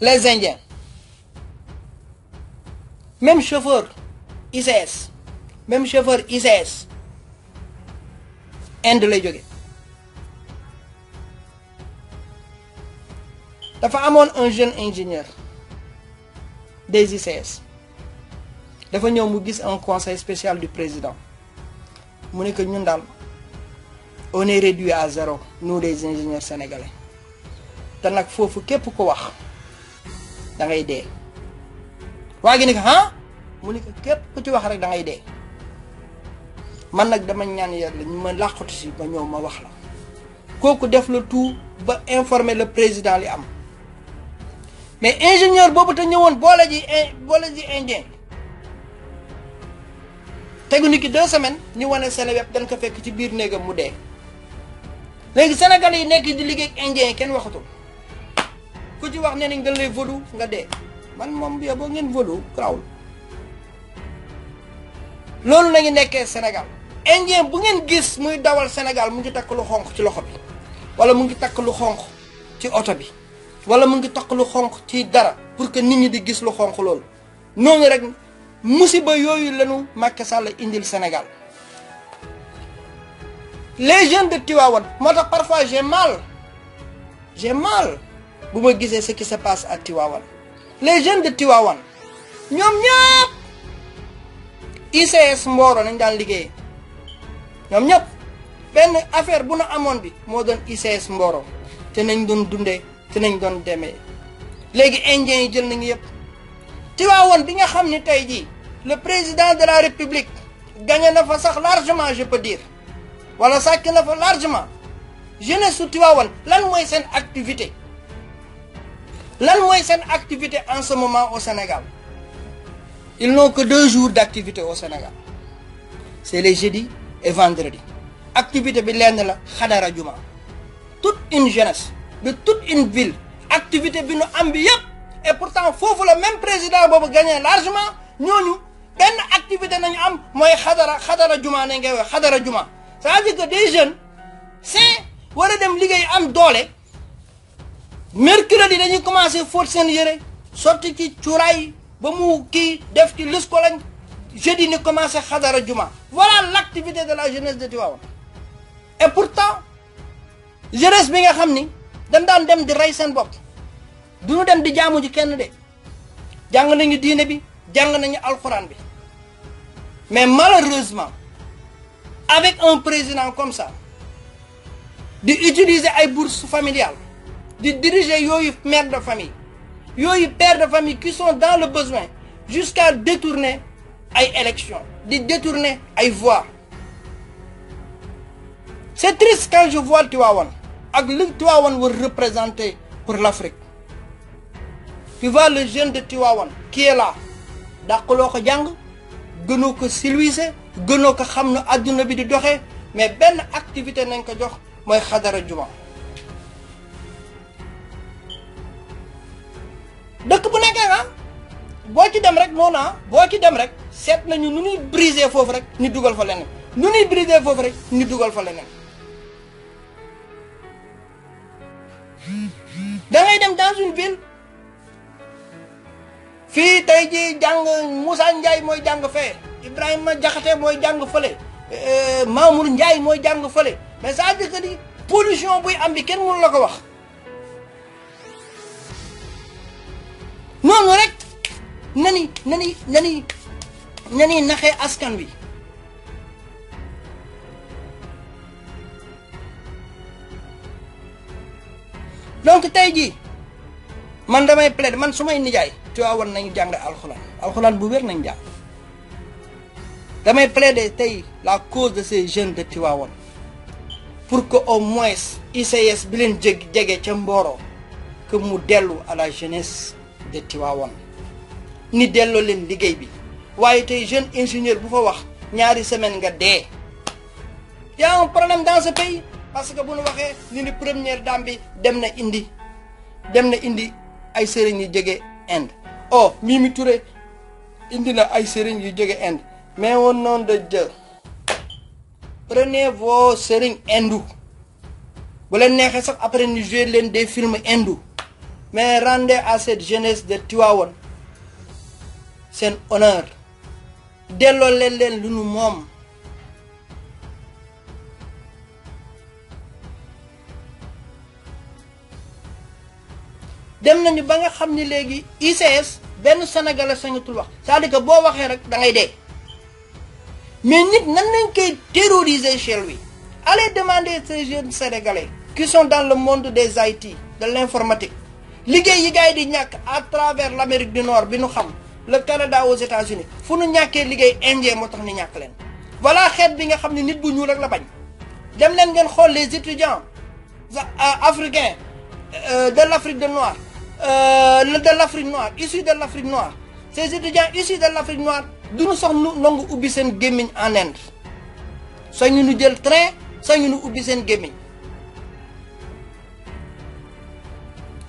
les Indiens. Même chauffeur ISS, même chauffeur ICS, Inde lay Il y a un jeune ingénieur des ICS Il y mu un conseil spécial du président Mon que on est réduit à zéro nous les ingénieurs sénégalais Il faut que képp ko da ngay dé waa ni ha mu ni ko képp ku ci wax rek da ngay dé man nak dama ñaan yalla ñu ma làqatu ci ba ñoo ma wax la koku def la tout ba informer le président li am mais ingénieur boobu te ñëwoon boole ji boole ji indien tégu nit ki deux semaines ñu wane Seneweb dañ ko fekk ci biir négam mu dé légui sénégalais yi nekk di liggéey ak indien kenn ku ci wax ne nañ nga man mom bi bo ngeen volu lolou la Senegal, nekké sénégal indien bu ngeen gis muy dawal sénégal mu ngi tak lu xonk ci loxo bi wala mu ngi tak lu xonk ci auto bi wala mu ngi tak lu xonk ci dara pour que nit ñi di gis lu xonk lool noonu rek musiba yoyu lañu makka Sall indil sénégal les jeunes de Tiwawan moo parfois j'ai mal j'ai mal buma gisé ce qui se passe à Tiwawan les jeunes de Tiwawan ñom ñop ICS Mboro nañ dal liggé ñom ñop ben affaire bu na amoon bi mo moro, ICS Mboro té nañ don dundé té nañ don démé légui indien yi jël nañu yépp Tiwawan bi nga xamni tay ji le président de la république gagné na fa sax largement je peux dire wala sakina fa largement jeunesse Tiwawan lan moy sen activité. Quelle est seen activité en ce moment au Sénégal ils n'ont que deux jours d'activité au Sénégal c'est les jeudis et vendredis activité bi de la Khadara juma toute une jeunesse de toute une ville activité bi nu am bi yëpp et pourtant que le même président pour gagner largement ñooñu benn activité l'activité am mooy Khadara juma Khadara juma cest dire que des jeunes c'est, voilà dem liggéey am mercredi dañuy commencé fort sen yéré sorti ci ciuray ba mu ki def ci lis jeudi ni commencé khadara juma voilà l'activité de la jeunesse de Tivaouane et pourtant jeunesse bi nga xamni dañ daan dem di ray sen bop duñu dem di jaamu ji kenn dé jang nañu diiné bi jang nañu alcorane bi mais malheureusement avec un président comme ça di utiliser ay bourse familiale de diriger les mère de famille les père de famille qui sont dans le besoin jusqu'à détourner ay élection, détourner ay voix c'est triste quand je vois Tivaouane ak le Tivaouane vous représenter pour l'Afrique tu vois le jeune de Tivaouane qui est là dàqaloo ko jàng gënoo ko de gënoo ko xam ne adduna bi di doxee mais benn activité nañ ko jox mooy xadara dëkk bu nekkee nga boo ci dem rek moo naa boo ci dem rek seet nañu nu ñuy briser foofu rek ñu dugal fa leneen nu ñuy briser foofu rek ñu dugal fa leneen da dem dans une ville fii tey ji jàng Moussa Ndiaye mooy jàng fee Ibrahima Diakhaté mooy jàng fële euh, Mamour njaay mooy jàng fële mais ça veut dire que buy am bi kenn mënu la ko wax nani nani nani nani naxee askan wi donc tay ji man damay plaid man sumay nijaay awon nañ jang alxuraan alxuraan bu wer nañ jang damay plaider tay la cause de ces jeunes de tiwawon pour que au moins ICS bi len djegge jege ca Mboro que mu delu à la jeunesse de tiwawon ni delloo leen liggéey bi waaye tey jeune ingénieur bu fa wax ñaari semaine nga dee y problème dans ce pays parce que bu ñu waxee ni ni première dame dem na indi dem na indi ay sëriñ yu jege Inde oh Mimi Touré indi na ay sëriñ yu jege Inde mais won nom de Dieu prenez vos sëriñ bu leen neexee sax après ñu jouer leen des films hindous mais render à cette jeunesse de Tivaouane un honneur de leen leen lu nu dem nañu ba nga xamni ICS sénégalais c'est-à-dire que bo waxé mais nit nan lañ chez lui allez demander ces jeunes sénégalais qui sont dans le monde des IT de l'informatique liggéey yi gay à travers l'Amérique du Nord bi nu le Canada aux États-Unis fu nu ñàkkee liggéey indien moo tax ni ñàkk leen voilà xeet bi nga xam ne nit bu ñuul rek la bañ dem leen ngeen xool les étudiants euh, euh, africains euh, de l'Afrique de noire de l'Afrique noire issu de l'Afrique noire ces étudiants issus de l'Afrique noire duñu sax nu nangu ubbi seen gémmiñ en Inde sañu nu jël train sañu nu ubbi seen gémmiñ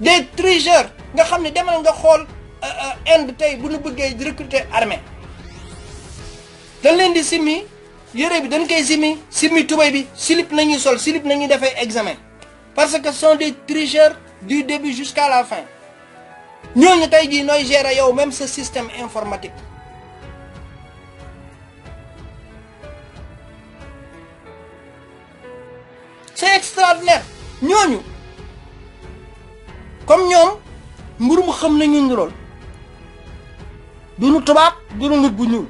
des tricheurs nga xam ne demal nga xool Euh, Inde tey bu ñu bëggee recruter armée dañ leen di simmi yére bi dañ koy simmi simmi tubéy bi slip nañuy sol slip nañuy defee examen parce que son des tricheurs du début jusqu'à la fin ñooñu tey jii nooy gérer yow même ce système informatique c'est extraordinaire ñooñu comme ñoom mu xam nañu ñu duñu tubaab duñu nit bu ñuul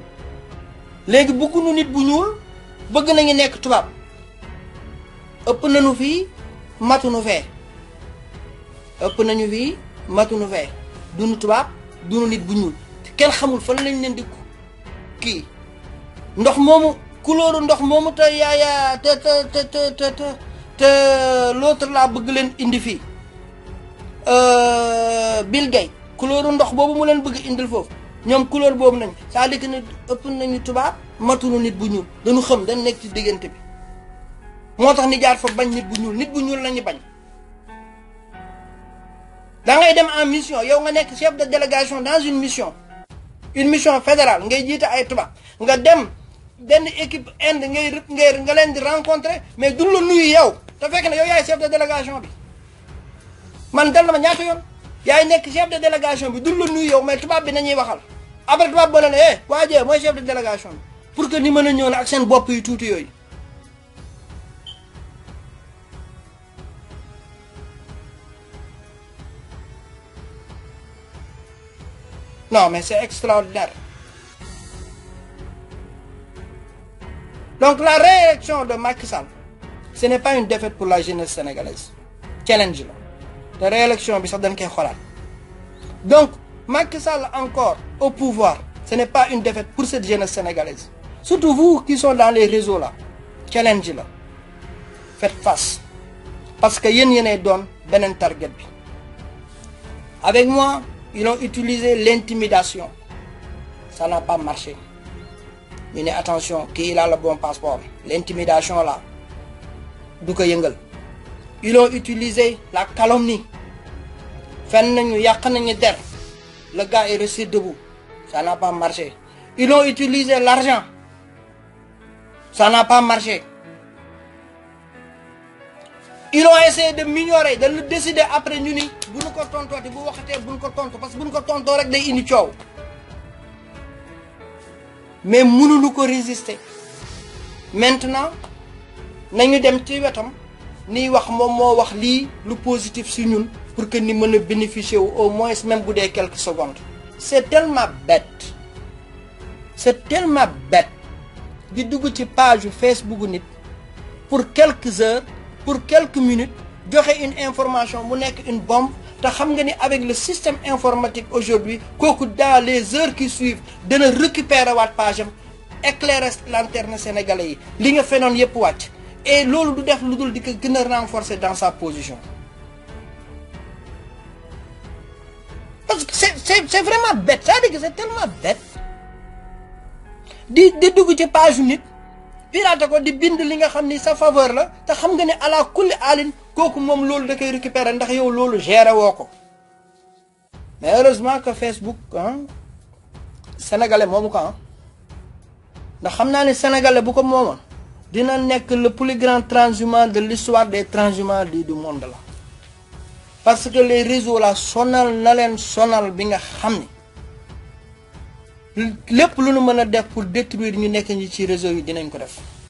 léegi bëgguñu nit bu ñuul bëgg na nañu nekk tubaab ëpp nañu fii matuñu fee ëpp nañu fii matuñu fee duñu tubaab duñu nit bu ñuul kenn xamul fan lañ leen di kii ndox moomu couleur ndox moomu te yaaya te te te te te te laa bëgg leen indi fii euh, Bill Gates couleur ndox boobu mu leen bëgg indil foofu ñoom couleur boobu nañ c'est-à-dire que ne ëpp nañu tubaab matunu nit bu ñuul dañu xam dañ nekk ci diggante bi moo tax ni jaar fa bañ nit bu ñuul nit bu ñuul lañu bañ da ngay dem en mission yow nga nekk chef de délégation dans une mission une mission fédérale ngay jiite ay tubaab nga dem benn équipe Inde ngay ngay nga leen di rencontrer mais du la nuyu yow te fekk na yow yaay chef de délégation bi man dal na ma ñaata yoon yaay nekk chef de délégation bi du la nuyu yow mais tubaab bi nañuy waxal après tubaab ba ne ne Quoi dire, moi chef de délégation pour que nous, mën a ñëw na de tout non mais c'est extraordinaire donc la réélection de Macky Sall ce n'est pas une défaite pour la jeunesse sénégalaise challenge la réélection ça donne donc Macky encore au pouvoir, ce n'est pas une défaite pour cette jeunesse sénégalaise. Surtout vous qui sont dans les réseaux là, challenge faites face. Parce que yen donne benen target Avec moi, ils ont utilisé l'intimidation. Ça n'a pas marché. Mais attention, qui a le bon passeport. L'intimidation là, Ils ont utilisé la calomnie. yak nañu der le gars est resté debout. Ça n'a pas marché. Ils ont utilisé l'argent. Ça n'a pas marché. ils ont essayé de m'ignorer le décider après nous. ko pas, parce que mais nous ko résister maintenant nous dem ci wetam nous wax wax positif pour que nous puissions bénéficier au moins même pour quelques secondes c'est tellement bête c'est tellement bête de sur page Facebook pour quelques heures pour quelques minutes donner une information mu une bombe avec le système informatique aujourd'hui dans les heures qui suivent ne récupérer votre page éclairer lanterne sénégalais Ce li nga et loolu du def renforcer dans sa position c'est vraiment bête cest que c'est tellement bête di di dugg ci page nit piraté ko di bind li nga xamni ni sa faveur la te xam nga ni ala kulli alin kooku mom lolou da kay récupérer ndax yow lolou géré woko mais heureusement que Facebook ah sénégalais momu ko ah ndax xamna ni sénégalais bu ko moma dina nek le plus grand transhumant de l'histoire des transhumants du monde là. parce que les réseaux là sonal na leen sonal bi nga xam ni lépp lu nu mën a def pour détruire ñu nekk ñi ci réseau yi dinañ ko def